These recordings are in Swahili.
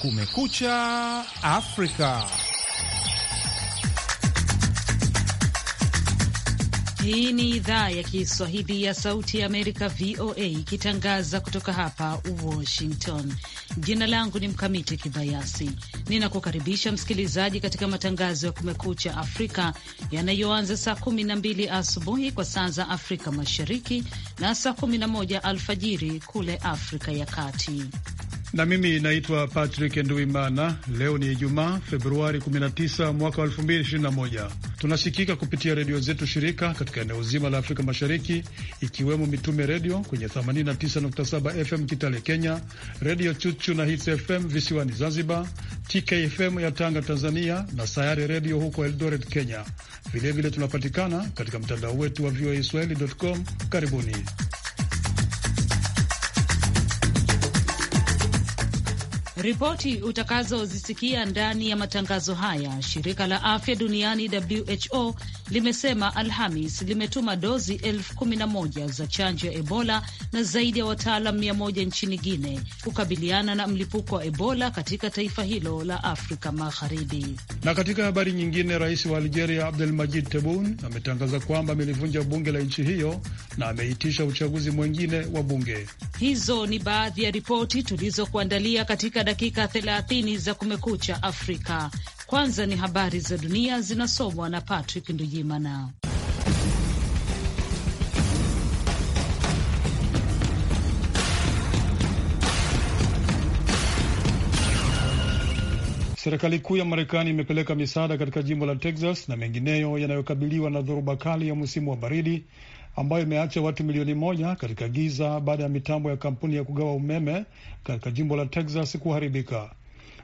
Kumekucha Afrika. Hii ni idhaa ya Kiswahili ya Sauti ya Amerika, VOA, ikitangaza kutoka hapa Washington. Jina langu ni Mkamiti Kibayasi, ninakukaribisha msikilizaji katika matangazo ya Kumekucha Afrika yanayoanza saa 12 asubuhi kwa saa za Afrika Mashariki na saa 11 alfajiri kule Afrika ya Kati na mimi naitwa Patrick Nduimana. Leo ni Ijumaa, Februari 19 mwaka 2021. Tunasikika kupitia redio zetu shirika katika eneo zima la Afrika Mashariki, ikiwemo Mitume Redio kwenye 89.7 FM Kitale Kenya, Redio Chuchu na Hits FM visiwani Zanzibar, TKFM ya Tanga Tanzania, na sayare Redio huko Eldoret Kenya. Vilevile tunapatikana katika mtandao wetu wa voa voaswahili.com. Karibuni. Ripoti utakazozisikia ndani ya matangazo haya. Shirika la afya duniani WHO limesema Alhamis limetuma dozi elfu kumi na moja za chanjo ya Ebola na zaidi ya wataalam mia moja nchini Guine kukabiliana na mlipuko wa Ebola katika taifa hilo la Afrika Magharibi. Na katika habari nyingine, rais wa Algeria majid tebun ametangaza kwamba amelivunja bunge la nchi hiyo na ameitisha uchaguzi mwingine wa bunge. Hizo ni baadhi ya ripoti tulizokuandalia katika dakika 30 za Kumekucha Afrika. Kwanza ni habari za dunia zinasomwa na Patrick Ndujimana. Serikali kuu ya Marekani imepeleka misaada katika jimbo la Texas na mengineyo yanayokabiliwa na dhoruba kali ya msimu wa baridi ambayo imeacha watu milioni moja katika giza baada ya mitambo ya kampuni ya kugawa umeme katika jimbo la Texas kuharibika.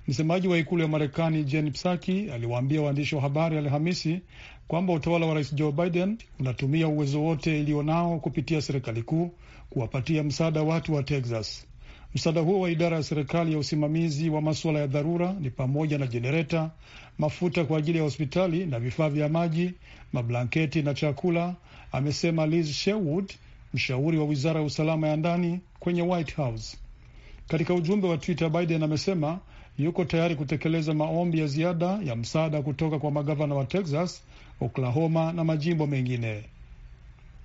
Msemaji wa ikulu ya Marekani Jen Psaki aliwaambia waandishi wa habari Alhamisi kwamba utawala wa rais Joe Biden unatumia uwezo wote nao kupitia serikali kuu kuwapatia msaada watu wa Texas. Msaada huo wa idara ya serikali ya usimamizi wa masuala ya dharura ni pamoja na jenereta, mafuta kwa ajili ya hospitali na vifaa vya maji, mablanketi na chakula, amesema Liz Sherwood, mshauri wa wizara ya usalama ya ndani kwenye White House. Katika ujumbe wa Twitter, Biden amesema yuko tayari kutekeleza maombi ya ziada ya msaada kutoka kwa magavana wa Texas, Oklahoma na majimbo mengine.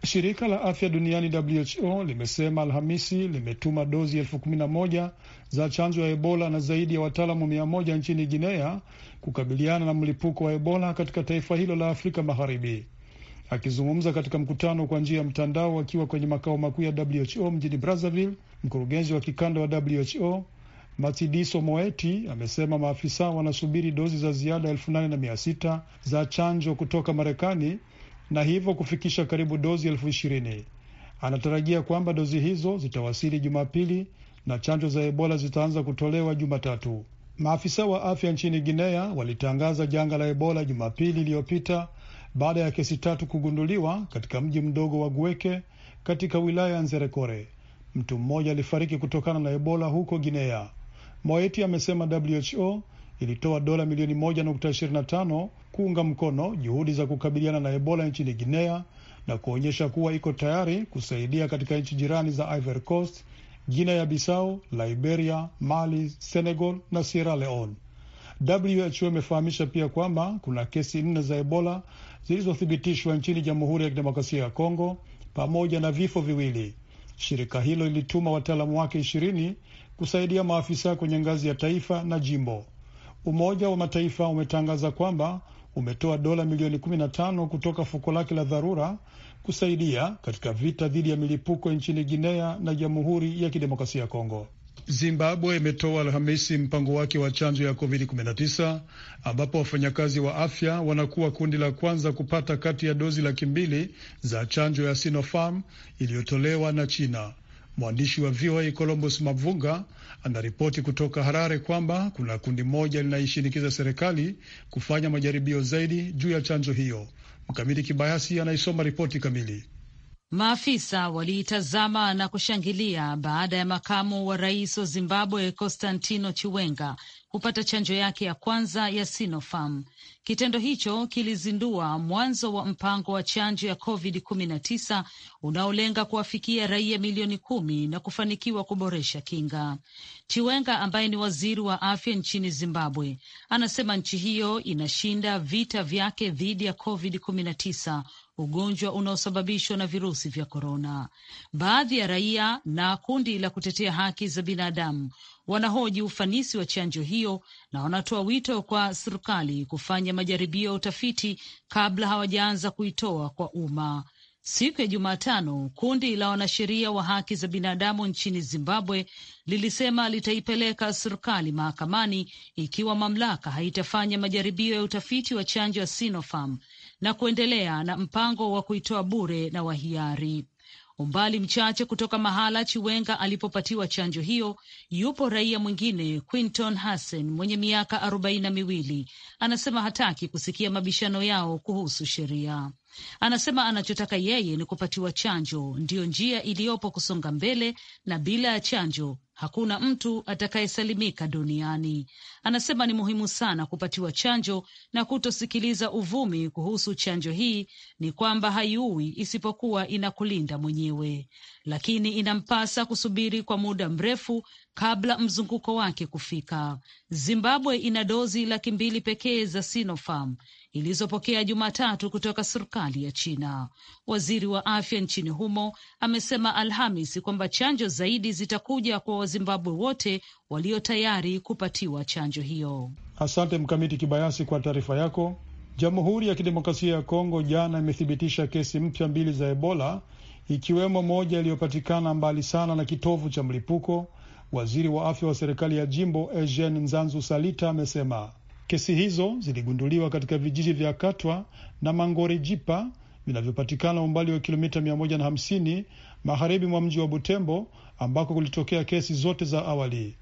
Shirika la afya duniani WHO limesema Alhamisi limetuma dozi elfu kumi na moja za chanjo ya Ebola na zaidi ya wataalamu mia moja nchini Guinea kukabiliana na mlipuko wa Ebola katika taifa hilo la Afrika Magharibi. Akizungumza katika mkutano kwa njia ya mtandao akiwa kwenye makao makuu ya WHO mjini Brazzaville, mkurugenzi wa kikanda wa WHO Matidiso Moeti amesema maafisa wanasubiri dozi za ziada elfu nane na mia sita za chanjo kutoka Marekani na hivyo kufikisha karibu dozi elfu ishirini. Anatarajia kwamba dozi hizo zitawasili Jumapili na chanjo za Ebola zitaanza kutolewa Jumatatu. Maafisa wa afya nchini Guinea walitangaza janga la Ebola Jumapili iliyopita baada ya kesi tatu kugunduliwa katika mji mdogo wa Gueke katika wilaya ya Nzerekore. Mtu mmoja alifariki kutokana na Ebola huko Guinea. Moeti amesema WHO ilitoa dola milioni 1.25 kuunga mkono juhudi za kukabiliana na Ebola nchini Guinea na kuonyesha kuwa iko tayari kusaidia katika nchi jirani za Ivory Coast, Guinea ya Bissau, Liberia, Mali, Senegal na Sierra Leone. WHO imefahamisha pia kwamba kuna kesi nne za Ebola zilizothibitishwa nchini Jamhuri ya Kidemokrasia ya Kongo pamoja na vifo viwili. Shirika hilo lilituma wataalamu wake ishirini kusaidia maafisa kwenye ngazi ya taifa na jimbo. Umoja wa Mataifa umetangaza kwamba umetoa dola milioni 15 kutoka fuko lake la dharura kusaidia katika vita dhidi ya milipuko nchini Guinea na Jamhuri ya Kidemokrasia ya Kongo. Zimbabwe imetoa Alhamisi mpango wake wa chanjo ya COVID-19 ambapo wafanyakazi wa afya wanakuwa kundi la kwanza kupata kati ya dozi laki mbili za chanjo ya Sinopharm iliyotolewa na China. Mwandishi wa VOA Columbus Mavunga anaripoti kutoka Harare kwamba kuna kundi moja linaishinikiza serikali kufanya majaribio zaidi juu ya chanjo hiyo. Mkamiti Kibayasi anaisoma ripoti kamili. Maafisa waliitazama na kushangilia baada ya makamu wa rais wa Zimbabwe Constantino Chiwenga kupata chanjo yake ya kwanza ya Sinopharm. Kitendo hicho kilizindua mwanzo wa mpango wa chanjo ya COVID-19 unaolenga kuwafikia raia milioni kumi na kufanikiwa kuboresha kinga. Chiwenga ambaye ni waziri wa afya nchini Zimbabwe anasema nchi hiyo inashinda vita vyake dhidi ya COVID-19 ugonjwa unaosababishwa na virusi vya korona. Baadhi ya raia na kundi la kutetea haki za binadamu wanahoji ufanisi wa chanjo hiyo na wanatoa wito kwa serikali kufanya majaribio ya utafiti kabla hawajaanza kuitoa kwa umma. Siku ya Jumatano, kundi la wanasheria wa haki za binadamu nchini Zimbabwe lilisema litaipeleka serikali mahakamani ikiwa mamlaka haitafanya majaribio ya utafiti wa chanjo ya Sinopharm na kuendelea na mpango wa kuitoa bure na wahiari. Umbali mchache kutoka mahala Chiwenga alipopatiwa chanjo hiyo, yupo raia mwingine Quinton Hassan mwenye miaka arobaini na miwili anasema hataki kusikia mabishano yao kuhusu sheria. Anasema anachotaka yeye ni kupatiwa chanjo, ndiyo njia iliyopo kusonga mbele, na bila ya chanjo hakuna mtu atakayesalimika duniani. Anasema ni muhimu sana kupatiwa chanjo na kutosikiliza uvumi kuhusu chanjo hii, ni kwamba haiui isipokuwa inakulinda mwenyewe, lakini inampasa kusubiri kwa muda mrefu kabla mzunguko wake kufika. Zimbabwe ina dozi laki mbili pekee za Sinopharm ilizopokea Jumatatu kutoka serikali ya China. Waziri wa afya nchini humo amesema Alhamis kwamba chanjo zaidi zitakuja kwa Wazimbabwe wote walio tayari kupatiwa chanjo hiyo. Asante Mkamiti Kibayasi kwa taarifa yako. Jamhuri ya Kidemokrasia ya Kongo jana imethibitisha kesi mpya mbili za Ebola, ikiwemo moja iliyopatikana mbali sana na kitovu cha mlipuko. Waziri wa afya wa serikali ya jimbo Eugene Nzanzu Salita amesema Kesi hizo ziligunduliwa katika vijiji vya Katwa na jipa vinavyopatikana umbali wa kilomita 150 magharibi mwa mji wa Butembo ambako kulitokea kesi zote za awali.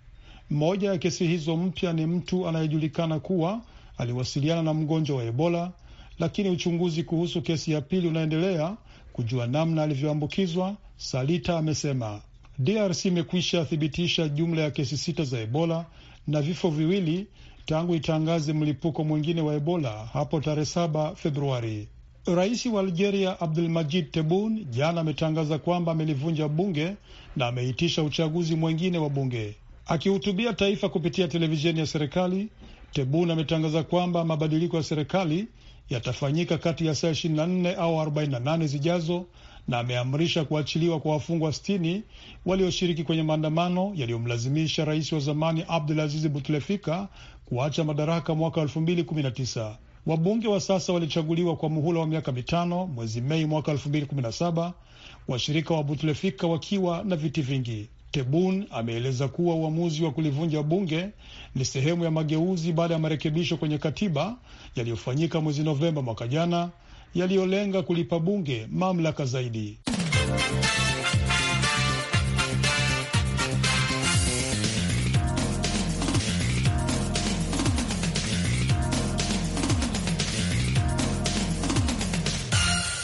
mmoja ya kesi hizo mpya ni mtu anayejulikana kuwa aliwasiliana na mgonjwa wa Ebola, lakini uchunguzi kuhusu kesi ya pili unaendelea kujua namna alivyoambukizwa, Salita amesema. DRC imekwisha thibitisha jumla ya kesi sita za Ebola na vifo viwili tangu itangaze mlipuko mwingine wa Ebola hapo tarehe saba Februari. Rais wa Algeria Abdulmajid Tebboune jana ametangaza kwamba amelivunja bunge na ameitisha uchaguzi mwingine wa bunge. Akihutubia taifa kupitia televisheni ya serikali, Tebboune ametangaza kwamba mabadiliko ya serikali yatafanyika kati ya saa 24 au 48 zijazo na ameamrisha kuachiliwa kwa wafungwa 60 walioshiriki kwenye maandamano yaliyomlazimisha rais wa zamani Abdulaziz Butlefika kuacha madaraka mwaka 2019. Wabunge wa sasa walichaguliwa kwa muhula wa miaka mitano mwezi Mei mwaka 2017, washirika wa Butlefika wakiwa na viti vingi. Tebun ameeleza kuwa uamuzi wa kulivunja bunge ni sehemu ya mageuzi baada ya marekebisho kwenye katiba yaliyofanyika mwezi Novemba mwaka jana yaliyolenga kulipa bunge mamlaka zaidi.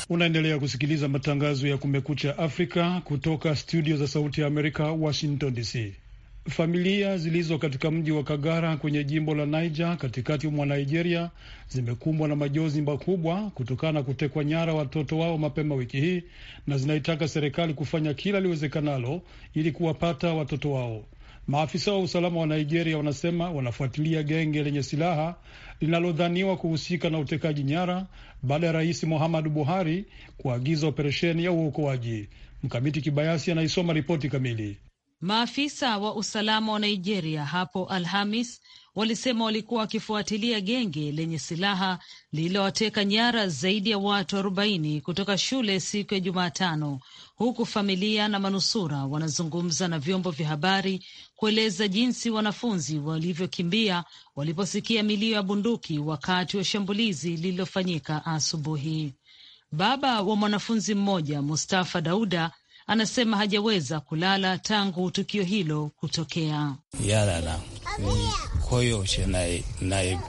Unaendelea kusikiliza matangazo ya Kumekucha Afrika kutoka studio za Sauti ya Amerika, Washington DC. Familia zilizo katika mji wa Kagara kwenye jimbo la Niger katikati mwa Nigeria zimekumbwa na majonzi makubwa kutokana na kutekwa nyara watoto wao mapema wiki hii na zinaitaka serikali kufanya kila liwezekanalo ili kuwapata watoto wao. Maafisa wa usalama wa Nigeria wanasema wanafuatilia genge lenye silaha linalodhaniwa kuhusika na utekaji nyara baada ya Rais Muhammadu Buhari kuagiza operesheni ya uokoaji. Mkamiti Kibayasi anaisoma ripoti kamili. Maafisa wa usalama wa Nigeria hapo Alhamis walisema walikuwa wakifuatilia genge lenye silaha lililowateka nyara zaidi ya watu arobaini kutoka shule siku ya Jumatano, huku familia na manusura wanazungumza na vyombo vya habari kueleza jinsi wanafunzi walivyokimbia waliposikia milio ya bunduki wakati wa shambulizi lililofanyika asubuhi. Baba wa mwanafunzi mmoja Mustafa Dauda anasema hajaweza kulala tangu tukio hilo kutokea. Yalala.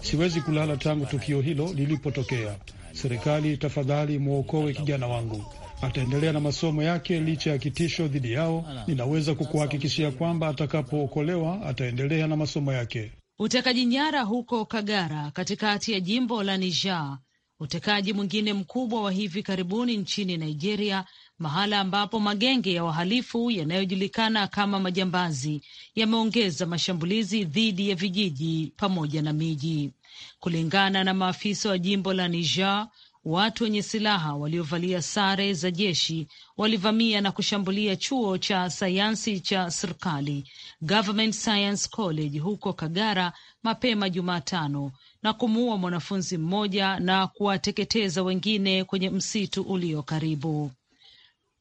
Siwezi kulala tangu tukio hilo lilipotokea. Serikali, tafadhali mwokoe kijana wangu ataendelea na masomo yake licha ya kitisho dhidi yao. Ninaweza kukuhakikishia kwamba atakapookolewa ataendelea na masomo yake. Utekaji nyara huko Kagara katikati ya jimbo la Niger, utekaji mwingine mkubwa wa hivi karibuni nchini Nigeria, mahala ambapo magenge ya wahalifu yanayojulikana kama majambazi yameongeza mashambulizi dhidi ya vijiji pamoja na miji, kulingana na maafisa wa jimbo la Niger watu wenye silaha waliovalia sare za jeshi walivamia na kushambulia chuo cha sayansi cha serikali Government Science College huko Kagara mapema Jumatano na kumuua mwanafunzi mmoja na kuwateketeza wengine kwenye msitu ulio karibu.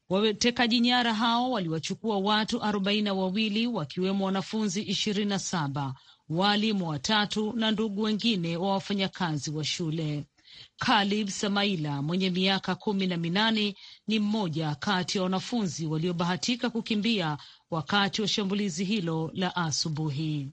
Watekaji nyara hao waliwachukua watu arobaini na wawili wakiwemo wanafunzi ishirini na saba, waalimu watatu na ndugu wengine wa wafanyakazi wa shule. Kalib Samaila mwenye miaka kumi na minane ni mmoja kati ya wanafunzi waliobahatika kukimbia wakati wa shambulizi hilo la asubuhi.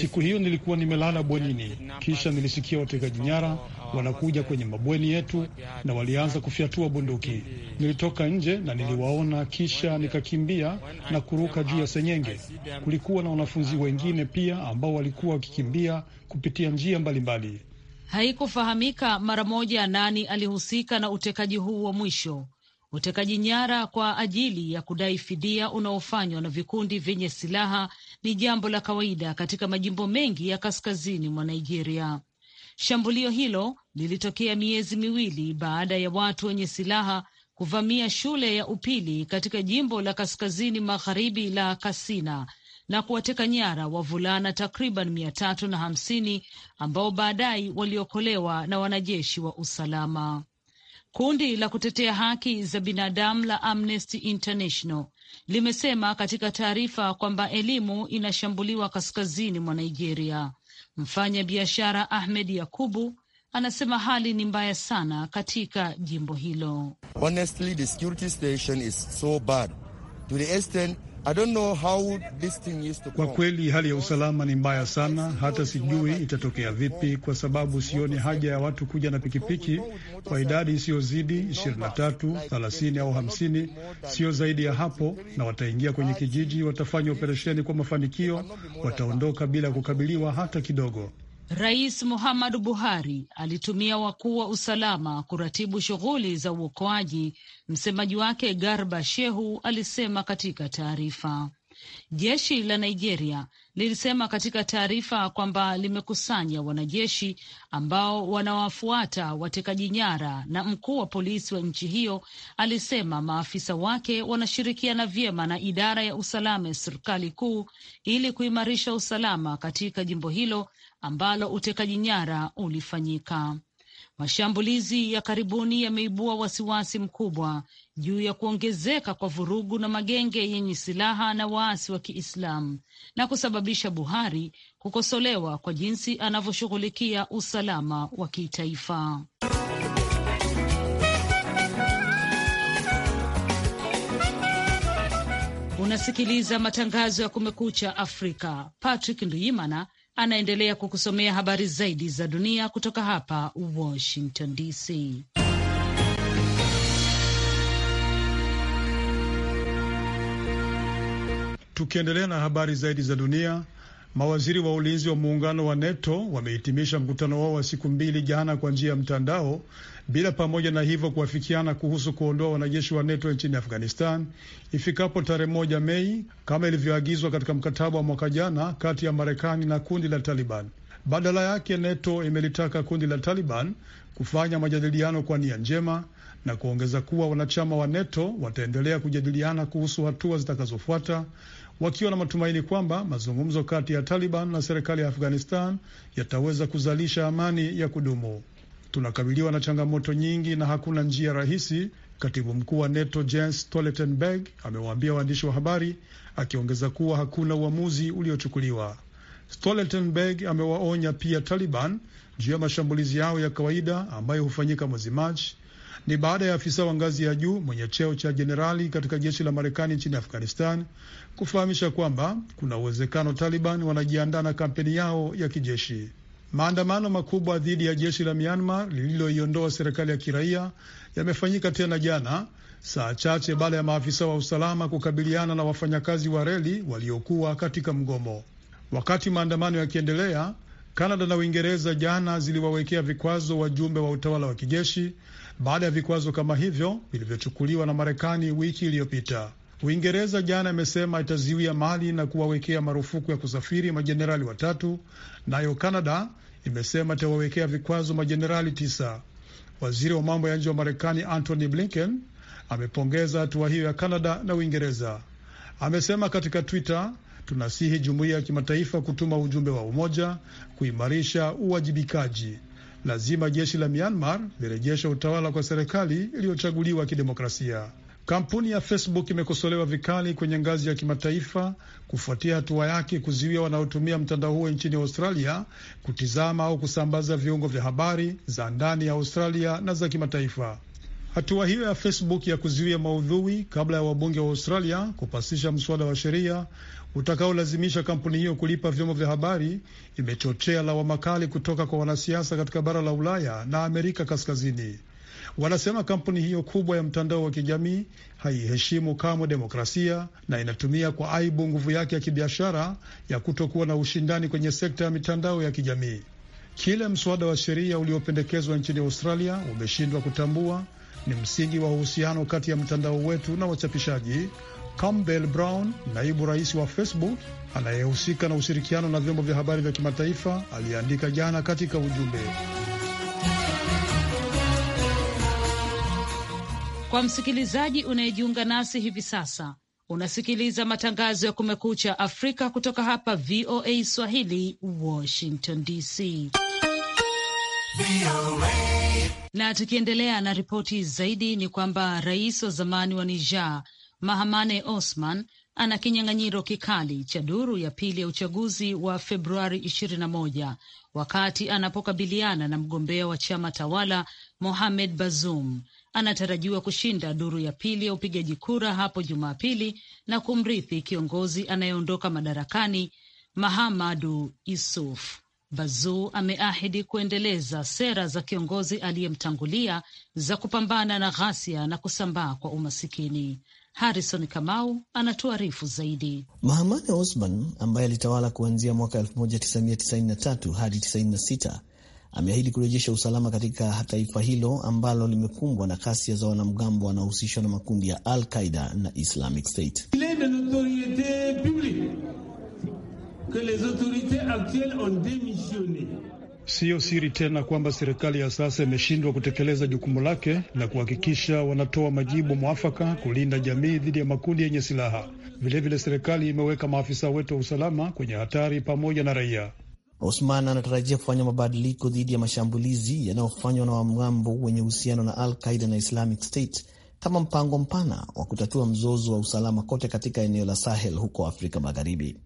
Siku hiyo nilikuwa nimelala bwenini, kisha nilisikia watekaji nyara wanakuja kwenye mabweni yetu na walianza kufyatua bunduki. Nilitoka nje na niliwaona, kisha nikakimbia na kuruka juu ya senyenge. Kulikuwa na wanafunzi wengine pia ambao walikuwa wakikimbia kupitia njia mbalimbali Haikufahamika mara moja nani alihusika na utekaji huu wa mwisho, utekaji nyara kwa ajili ya kudai fidia unaofanywa na vikundi vyenye silaha ni jambo la kawaida katika majimbo mengi ya kaskazini mwa Nigeria. Shambulio hilo lilitokea miezi miwili baada ya watu wenye silaha kuvamia shule ya upili katika jimbo la kaskazini magharibi la Kasina na kuwateka nyara wavulana takriban mia tatu na hamsini ambao baadaye waliokolewa na wanajeshi wa usalama. Kundi la kutetea haki za binadamu la Amnesty International limesema katika taarifa kwamba elimu inashambuliwa kaskazini mwa Nigeria mfanya biashara Ahmed Yakubu anasema hali ni mbaya sana katika jimbo hilo. Honestly, the security is so bad. To the extent kwa kweli hali ya usalama ni mbaya sana, hata sijui itatokea vipi, kwa sababu sioni haja ya watu kuja na pikipiki kwa idadi isiyozidi 23, 30 au 50, sio zaidi ya hapo, na wataingia kwenye kijiji, watafanya operesheni kwa mafanikio, wataondoka bila kukabiliwa hata kidogo. Rais Muhammadu Buhari alitumia wakuu wa usalama kuratibu shughuli za uokoaji, msemaji wake Garba Shehu alisema katika taarifa. Jeshi la Nigeria lilisema katika taarifa kwamba limekusanya wanajeshi ambao wanawafuata watekaji nyara, na mkuu wa polisi wa nchi hiyo alisema maafisa wake wanashirikiana vyema na idara ya usalama ya serikali kuu ili kuimarisha usalama katika jimbo hilo ambalo utekaji nyara ulifanyika. Mashambulizi ya karibuni yameibua wasiwasi mkubwa juu ya kuongezeka kwa vurugu na magenge yenye silaha na waasi wa Kiislamu na kusababisha Buhari kukosolewa kwa jinsi anavyoshughulikia usalama wa kitaifa. Unasikiliza matangazo ya Kumekucha Afrika. Patrick Nduimana anaendelea kukusomea habari zaidi za dunia kutoka hapa Washington DC. Tukiendelea na habari zaidi za dunia, mawaziri wa ulinzi wa muungano wa NATO wamehitimisha mkutano wao wa siku mbili jana kwa njia ya mtandao bila pamoja na hivyo kuafikiana kuhusu kuondoa wanajeshi wa NATO nchini Afghanistan ifikapo tarehe moja Mei kama ilivyoagizwa katika mkataba wa mwaka jana kati ya Marekani na kundi la Taliban. Badala yake NATO imelitaka kundi la Taliban kufanya majadiliano kwa nia njema na kuongeza kuwa wanachama wa NATO wataendelea kujadiliana kuhusu hatua zitakazofuata wakiwa na matumaini kwamba mazungumzo kati ya Taliban na serikali ya Afghanistan yataweza kuzalisha amani ya kudumu tunakabiliwa na changamoto nyingi na hakuna njia rahisi, katibu mkuu wa NATO Jens Stoltenberg amewaambia waandishi wa habari, akiongeza kuwa hakuna uamuzi uliochukuliwa. Stoltenberg amewaonya pia Taliban juu ya mashambulizi yao ya kawaida ambayo hufanyika mwezi Machi. Ni baada ya afisa wa ngazi ya juu mwenye cheo cha jenerali katika jeshi la Marekani nchini Afghanistan kufahamisha kwamba kuna uwezekano Taliban wanajiandaa na kampeni yao ya kijeshi. Maandamano makubwa dhidi ya jeshi la Myanmar lililoiondoa serikali ya kiraia yamefanyika tena jana, saa chache baada ya maafisa wa usalama kukabiliana na wafanyakazi wa reli waliokuwa katika mgomo. Wakati maandamano yakiendelea, Kanada na Uingereza jana ziliwawekea vikwazo wajumbe wa utawala wa kijeshi baada ya vikwazo kama hivyo vilivyochukuliwa na Marekani wiki iliyopita. Uingereza jana imesema itaziwia Mali na kuwawekea marufuku ya kusafiri majenerali watatu, nayo Kanada imesema itawawekea vikwazo majenerali tisa. Waziri wa mambo ya nje wa Marekani Antony Blinken amepongeza hatua hiyo ya Kanada na Uingereza. Amesema katika Twitter, tunasihi jumuiya ya kimataifa kutuma ujumbe wa umoja kuimarisha uwajibikaji. Lazima jeshi la Myanmar lirejeshe utawala kwa serikali iliyochaguliwa kidemokrasia. Kampuni ya Facebook imekosolewa vikali kwenye ngazi ya kimataifa kufuatia hatua yake kuzuia wanaotumia mtandao huo nchini Australia kutizama au kusambaza viungo vya habari za ndani ya Australia na za kimataifa. Hatua hiyo ya Facebook ya kuzuia maudhui kabla ya wabunge wa Australia kupasisha mswada wa sheria utakaolazimisha kampuni hiyo kulipa vyombo vya habari imechochea lawama kali kutoka kwa wanasiasa katika bara la Ulaya na Amerika Kaskazini. Wanasema kampuni hiyo kubwa ya mtandao wa kijamii haiheshimu kamwe demokrasia na inatumia kwa aibu nguvu yake ya kibiashara ya kutokuwa na ushindani kwenye sekta ya mitandao ya kijamii. Kile mswada wa sheria uliopendekezwa nchini Australia umeshindwa kutambua ni msingi wa uhusiano kati ya mtandao wetu na wachapishaji. Campbell Brown, naibu rais wa Facebook anayehusika na ushirikiano na vyombo vya habari vya kimataifa, aliyeandika jana katika ujumbe Kwa msikilizaji unayejiunga nasi hivi sasa, unasikiliza matangazo ya Kumekucha Afrika kutoka hapa VOA Swahili, Washington DC. Na tukiendelea na ripoti zaidi, ni kwamba rais wa zamani wa Niger Mahamane Osman ana kinyang'anyiro kikali cha duru ya pili ya uchaguzi wa Februari 21 wakati anapokabiliana na mgombea wa chama tawala Mohamed Bazoum anatarajiwa kushinda duru ya pili ya upigaji kura hapo Jumapili na kumrithi kiongozi anayeondoka madarakani Mahamadu Isuf. Bazoum ameahidi kuendeleza sera za kiongozi aliyemtangulia za kupambana na ghasia na kusambaa kwa umasikini. Harrison Kamau anatuarifu zaidi. Mahamane Osman ambaye alitawala kuanzia mwaka 1993 hadi 96 ameahidi kurejesha usalama katika taifa hilo ambalo limekumbwa na kasia za wanamgambo wanaohusishwa na makundi ya Al Qaida na Islamic State. Siyo siri tena kwamba serikali ya sasa imeshindwa kutekeleza jukumu lake la kuhakikisha wanatoa majibu mwafaka kulinda jamii dhidi ya makundi yenye silaha. Vilevile, serikali imeweka maafisa wetu wa usalama kwenye hatari pamoja na raia. Osman anatarajia kufanya mabadiliko dhidi ya mashambulizi yanayofanywa na wamgambo wenye uhusiano na Al Qaida na Islamic State kama mpango mpana wa kutatua mzozo wa usalama kote katika eneo la Sahel huko Afrika Magharibi.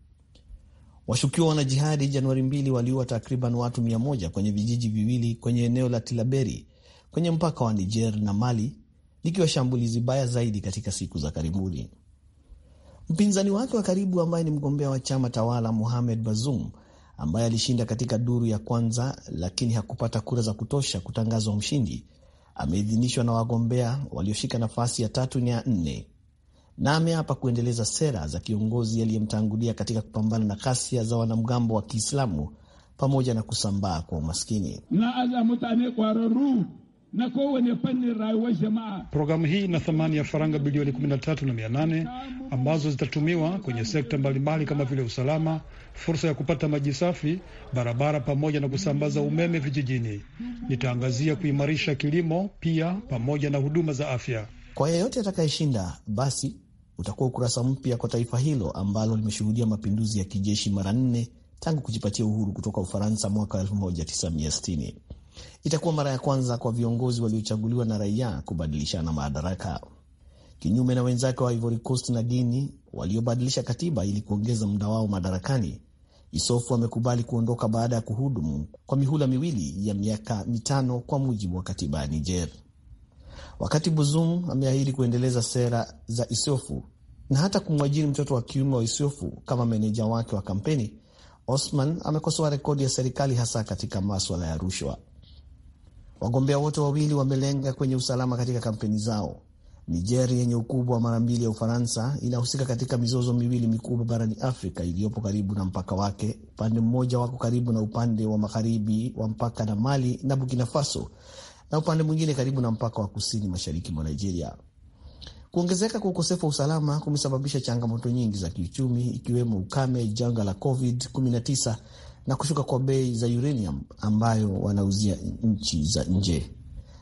Washukiwa wanajihadi Januari 2 waliua takriban watu moja kwenye vijiji viwili kwenye eneo la Tilaberi kwenye mpaka wa Niger na Mali, likiwa shambulizi baya zaidi katika siku za karibuni. Mpinzani wake wa karibu ambaye ni mgombea wa chama tawala Mohamed Bazoum ambaye alishinda katika duru ya kwanza lakini hakupata kura za kutosha kutangazwa mshindi, ameidhinishwa na wagombea walioshika nafasi ya tatu na ya nne na ameapa kuendeleza sera za kiongozi aliyemtangulia katika kupambana na ghasia za wanamgambo wa Kiislamu pamoja na kusambaa kwa umaskini na kowane fannin wa jama'a. Programu hii ina thamani ya faranga bilioni 13 na ambazo zitatumiwa kwenye sekta mbalimbali kama vile usalama, fursa ya kupata maji safi, barabara, pamoja na kusambaza umeme vijijini. Nitaangazia kuimarisha kilimo pia pamoja na huduma za afya. Kwa yeyote atakayeshinda, basi utakuwa ukurasa mpya kwa taifa hilo ambalo limeshuhudia mapinduzi ya kijeshi mara nne tangu kujipatia uhuru kutoka Ufaransa mwaka 1960. Itakuwa mara ya kwanza kwa viongozi waliochaguliwa na raia kubadilishana madaraka, kinyume na wenzake wa Ivory Coast na Guini waliobadilisha katiba ili kuongeza muda wao madarakani. Isofu amekubali kuondoka baada ya kuhudumu kwa mihula miwili ya miaka mitano kwa mujibu wa katiba ya Niger, wakati buzum ameahidi kuendeleza sera za Isofu na hata kumwajiri mtoto wa kiume wa Isofu kama meneja wake wa kampeni. Osman amekosoa rekodi ya serikali hasa katika maswala ya rushwa. Wagombea wote wawili wamelenga kwenye usalama katika kampeni zao. Niger yenye ukubwa wa mara mbili ya Ufaransa inahusika katika mizozo miwili mikubwa barani Afrika iliyopo karibu na mpaka wake. Upande mmoja wako karibu na upande wa magharibi wa mpaka na Mali na Burkina Faso, na upande mwingine karibu na mpaka wa kusini mashariki mwa Nigeria. Kuongezeka kwa ukosefu wa usalama kumesababisha changamoto nyingi za kiuchumi, ikiwemo ukame, janga la COVID-19 na kushuka kwa bei za uranium ambayo wanauzia nchi za nje.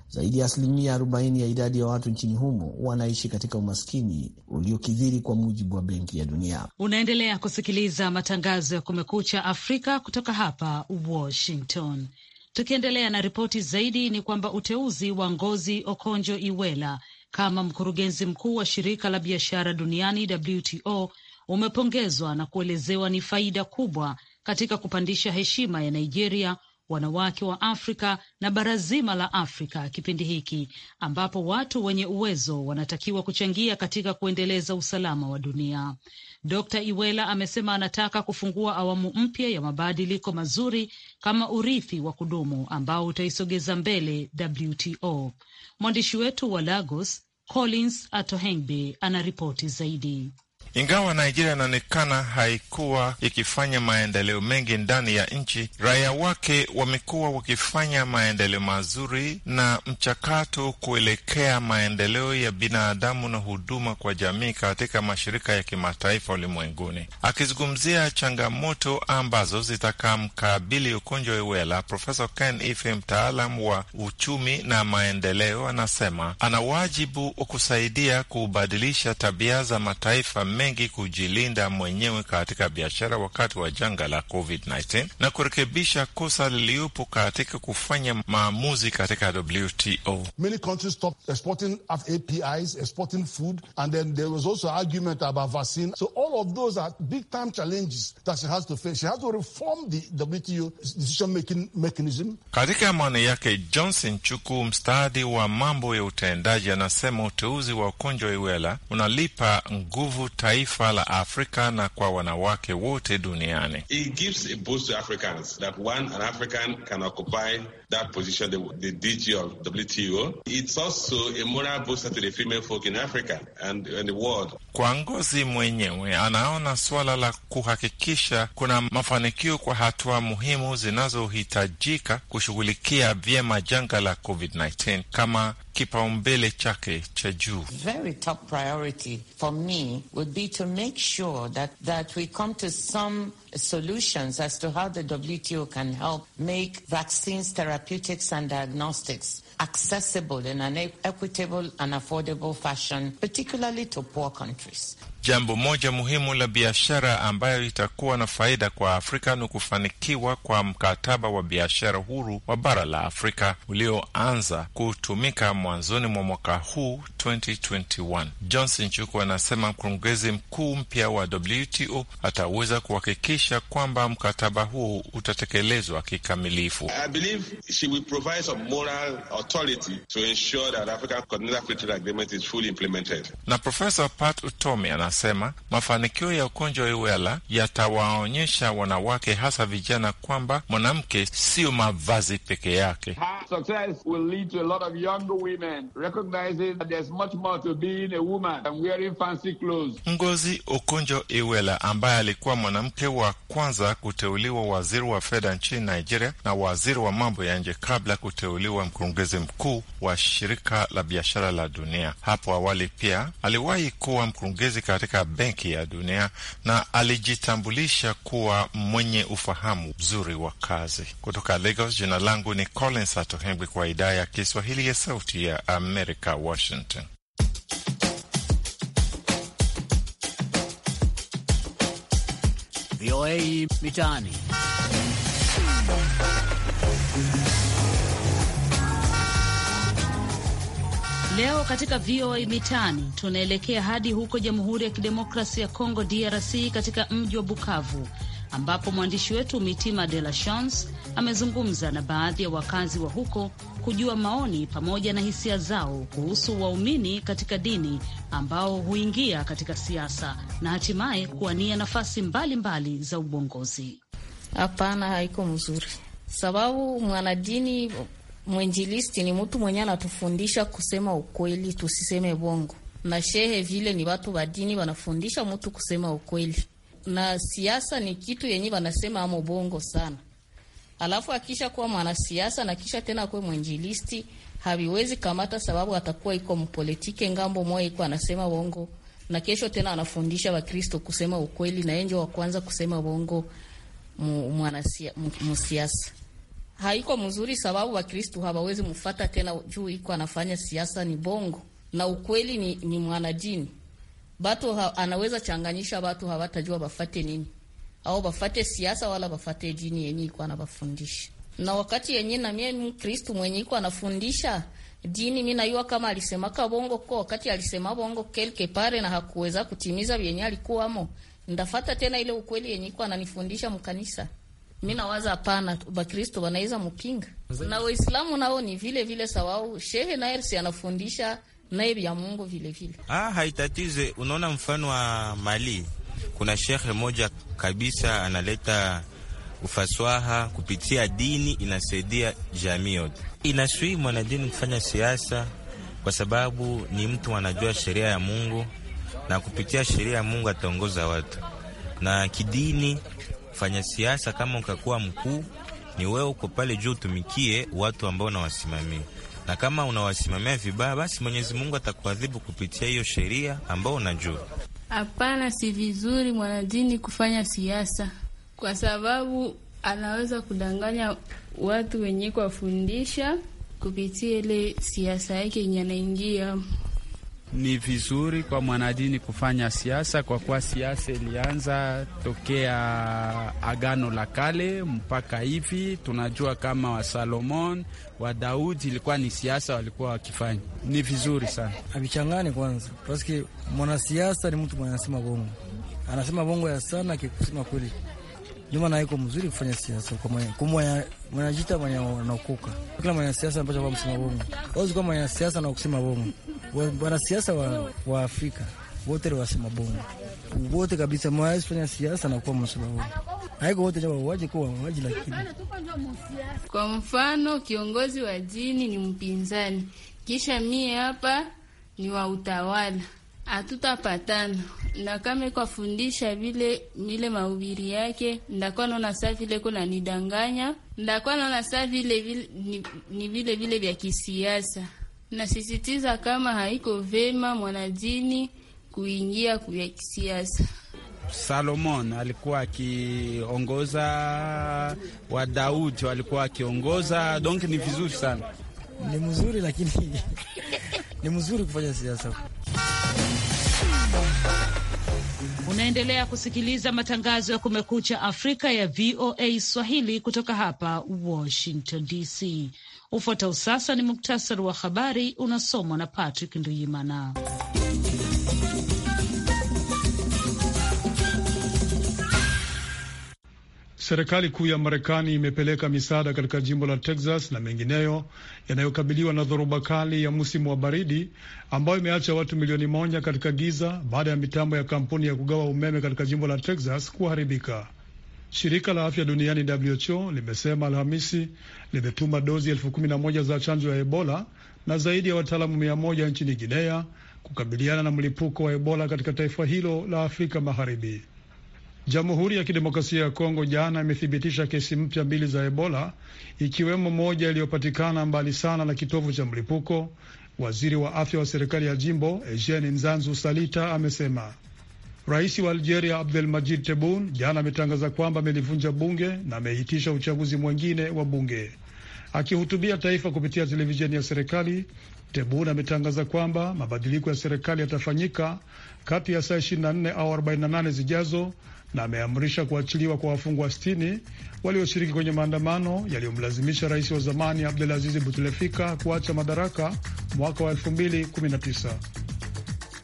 Zaidi ya asilimia 40 ya idadi ya watu nchini humo wanaishi katika umaskini uliokithiri kwa mujibu wa Benki ya Dunia. Unaendelea kusikiliza matangazo ya Kumekucha Afrika kutoka hapa Washington. Tukiendelea na ripoti zaidi, ni kwamba uteuzi wa Ngozi Okonjo Iweala kama mkurugenzi mkuu wa shirika la biashara duniani WTO umepongezwa na kuelezewa ni faida kubwa katika kupandisha heshima ya Nigeria, wanawake wa Afrika na bara zima la Afrika kipindi hiki ambapo watu wenye uwezo wanatakiwa kuchangia katika kuendeleza usalama wa dunia. Dr. Iwela amesema anataka kufungua awamu mpya ya mabadiliko mazuri kama urithi wa kudumu ambao utaisogeza mbele WTO. Mwandishi wetu wa Lagos Collins Atohengbe anaripoti zaidi. Ingawa Nigeria inaonekana haikuwa ikifanya maendeleo mengi ndani ya nchi, raia wake wamekuwa wakifanya maendeleo mazuri na mchakato kuelekea maendeleo ya binadamu na huduma kwa jamii katika mashirika ya kimataifa ulimwenguni. Akizungumzia changamoto ambazo zitakamkabili ugonjwa wa Ebola, Profesa Ken Ife, mtaalam wa uchumi na maendeleo, anasema ana wajibu wa kusaidia kubadilisha tabia za mataifa mengi kujilinda mwenyewe katika biashara wakati wa janga la COVID-19 na kurekebisha kosa liliyopo katika kufanya maamuzi katika WTO. Many countries stopped exporting of APIs, exporting food, and then there was also argument about vaccine. So all of those are big time challenges that she has to face. She has to reform the WTO decision making mechanism. Katika maana yake, Johnson Chuku, mstadi wa mambo ya utendaji, anasema uteuzi wa Okonjo Iweala unalipa nguvu ta taifa la Afrika na kwa wanawake wote duniani. It gives a boost to Africans that one an African can occupy that position, the, the DG of WTO. It's also a moral booster to the female folk in Africa and, and the world. Kwa Ngozi mwenyewe anaona suala la kuhakikisha kuna mafanikio kwa hatua muhimu zinazohitajika kushughulikia vyema janga la COVID-19 kama kipaumbele chake cha juu. Very top priority for me would be to make sure that, that we come to some solutions as to how the WTO can help make vaccines, therapeutics, and diagnostics accessible in an equitable and affordable fashion, particularly to poor countries. Jambo moja muhimu la biashara ambayo itakuwa na faida kwa Afrika ni kufanikiwa kwa mkataba wa biashara huru wa bara la Afrika ulioanza kutumika mwanzoni mwa mwaka huu 2021. Johnson Chuku anasema mkurugenzi mkuu mpya wa WTO ataweza kuhakikisha kwamba mkataba huo utatekelezwa kikamilifu. Na Profesa Pat Utomi ana anasema mafanikio ya ugonjwa iwela yatawaonyesha wanawake, hasa vijana, kwamba mwanamke sio mavazi peke yake. Ngozi Okonjo Iweala ambaye alikuwa mwanamke wa kwanza kuteuliwa waziri wa fedha nchini Nigeria na waziri wa mambo ya nje kabla kuteuliwa mkurugenzi mkuu wa shirika la biashara la dunia. Hapo awali pia aliwahi kuwa mkurugenzi katika Benki ya Dunia na alijitambulisha kuwa mwenye ufahamu mzuri wa kazi. Kutoka Lagos, jina langu ni Collins Ato Henry kwa idhaa ya Kiswahili ya Sauti ya Amerika, Washington. VOA Mitaani. Leo katika VOA Mitaani tunaelekea hadi huko Jamhuri ya Kidemokrasi ya Kongo, DRC, katika mji wa Bukavu ambapo mwandishi wetu Mitima De La Chance amezungumza na baadhi ya wakazi wa huko kujua maoni pamoja na hisia zao kuhusu waumini katika dini ambao huingia katika siasa na hatimaye kuwania nafasi mbalimbali mbali za ubongozi. Hapana, haiko mzuri sababu mwanadini mwinjilisti ni mtu mwenye anatufundisha kusema ukweli, tusiseme bongo. Na shehe vile ni watu wa dini wanafundisha mtu kusema ukweli, na siasa ni kitu yenye wanasema amo bongo sana. Alafu akisha kuwa mwanasiasa na kisha tena kuwe mwinjilisti haviwezi kamata, sababu atakuwa iko mpolitike ngambo moja, iko anasema bongo na kesho tena anafundisha Wakristo kusema ukweli, na yeye ndio wa kwanza kusema bongo mwanasiasa haiko mzuri, sababu Wakristu hawawezi mfata tena juu iko anafanya siasa ni bongo na ukweli ni, ni mwanadini batu ha, anaweza changanyisha batu hawatajua bafate nini au bafate siasa wala bafate dini yenye iko anabafundisha. Na wakati yenye na mie Mkristu mwenye iko anafundisha dini, mi najua kama alisemaka bongo ko wakati alisema bongo kelke pare na hakuweza kutimiza vyenye alikuwamo, ndafata tena ile ukweli yenye iko ananifundisha mkanisa. Mi nawaza hapana, Bakristo wanaweza mupinga na Waislamu nao ni vile vile sawau. Shehe naye si anafundisha naye vya Mungu vile vile. Ah, haitatize. Unaona mfano wa Mali, kuna shekhe moja kabisa analeta ufaswaha kupitia dini, inasaidia jamii yote. Inasui mwanadini kufanya siasa kwa sababu ni mtu anajua sheria ya Mungu na kupitia sheria ya Mungu ataongoza watu na kidini fanya siasa. Kama ukakuwa mkuu, ni wewe uko pale juu, utumikie watu ambao unawasimamia, na kama unawasimamia vibaya, basi Mwenyezi Mungu atakuadhibu kupitia hiyo sheria ambao unajua. Hapana, si vizuri mwanadini kufanya siasa, kwa sababu anaweza kudanganya watu wenye kuwafundisha kupitia ile siasa yake yenye anaingia ni vizuri kwa mwanadini kufanya siasa kwa kuwa siasa ilianza tokea Agano la Kale mpaka hivi. Tunajua kama wa Salomon wa Daudi ilikuwa ni siasa walikuwa wakifanya, ni vizuri sana. havichangani kwanza, paski mwanasiasa ni mtu mwenye anasema bongo, anasema bongo ya sana akikusema kweli nyuma na iko mzuri kufanya siasa kwa mwanajita mwenye anaokoka, kila mwenye siasa anapaswa kwa msema bongo, auzi mwenye siasa na kusema bongo wanasiasa wa, wa Afrika wote ni wasema bongo wote kabisa, mwawezi fanya siasa na kuwa msema bongo haiko wote wawaji kuwa wawaji, lakini kwa mfano kiongozi wa dini ni mpinzani, kisha mie hapa ni wa utawala, hatutapatana na kama vile vile mahubiri yake, ndakuwa naona saa vile kuna nidanganya, ndakuwa naona saa vile ni vile vile vya kisiasa Nasisitiza kama haiko vema mwanadini kuingia kuya kisiasa. Salomon alikuwa akiongoza, wa Daudi walikuwa akiongoza, donc ni vizuri sana, ni mzuri lakini ni mzuri kufanya siasa. Unaendelea kusikiliza matangazo ya Kumekucha Afrika ya VOA Swahili kutoka hapa Washington DC. Ufuatao sasa ni muktasari wa habari unasomwa na Patrick Nduyimana. Serikali kuu ya Marekani imepeleka misaada katika jimbo la Texas na mengineyo yanayokabiliwa na dhoruba kali ya msimu wa baridi ambayo imeacha watu milioni moja katika giza baada ya mitambo ya kampuni ya kugawa umeme katika jimbo la Texas kuharibika. Shirika la afya duniani WHO limesema Alhamisi limetuma dozi elfu kumi na moja za chanjo ya Ebola na zaidi ya wataalamu mia moja nchini Guinea kukabiliana na mlipuko wa Ebola katika taifa hilo la Afrika Magharibi. Jamhuri ya Kidemokrasia ya Kongo jana imethibitisha kesi mpya mbili za Ebola, ikiwemo moja iliyopatikana mbali sana na kitovu cha mlipuko. Waziri wa afya wa serikali ya jimbo Eugene Nzanzu Salita amesema Rais wa Algeria Abdel Majid tebun jana ametangaza kwamba amelivunja bunge na ameitisha uchaguzi mwingine wa bunge. Akihutubia taifa kupitia televisheni ya serikali, tebun ametangaza kwamba mabadiliko ya serikali yatafanyika kati ya saa 24 au 48 zijazo, na ameamrisha kuachiliwa kwa wafungwa 60 walioshiriki kwenye maandamano yaliyomlazimisha rais wa zamani Abdelaziz Butlefika kuacha madaraka mwaka wa 2019.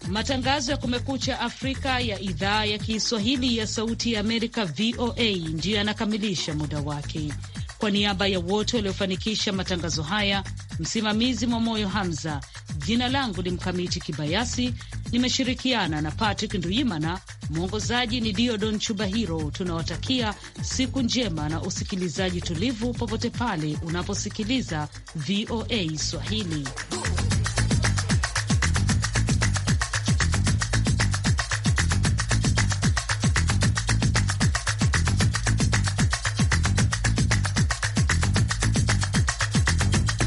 Matangazo ya Kumekucha Afrika ya idhaa ya Kiswahili ya Sauti ya Amerika, VOA, ndiyo yanakamilisha muda wake. Kwa niaba ya wote waliofanikisha matangazo haya, msimamizi mwa moyo Hamza, jina langu ni Mkamiti Kibayasi, nimeshirikiana na Patrick Nduimana, mwongozaji ni Diodon Chubahiro. Tunawatakia siku njema na usikilizaji tulivu popote pale unaposikiliza VOA Swahili.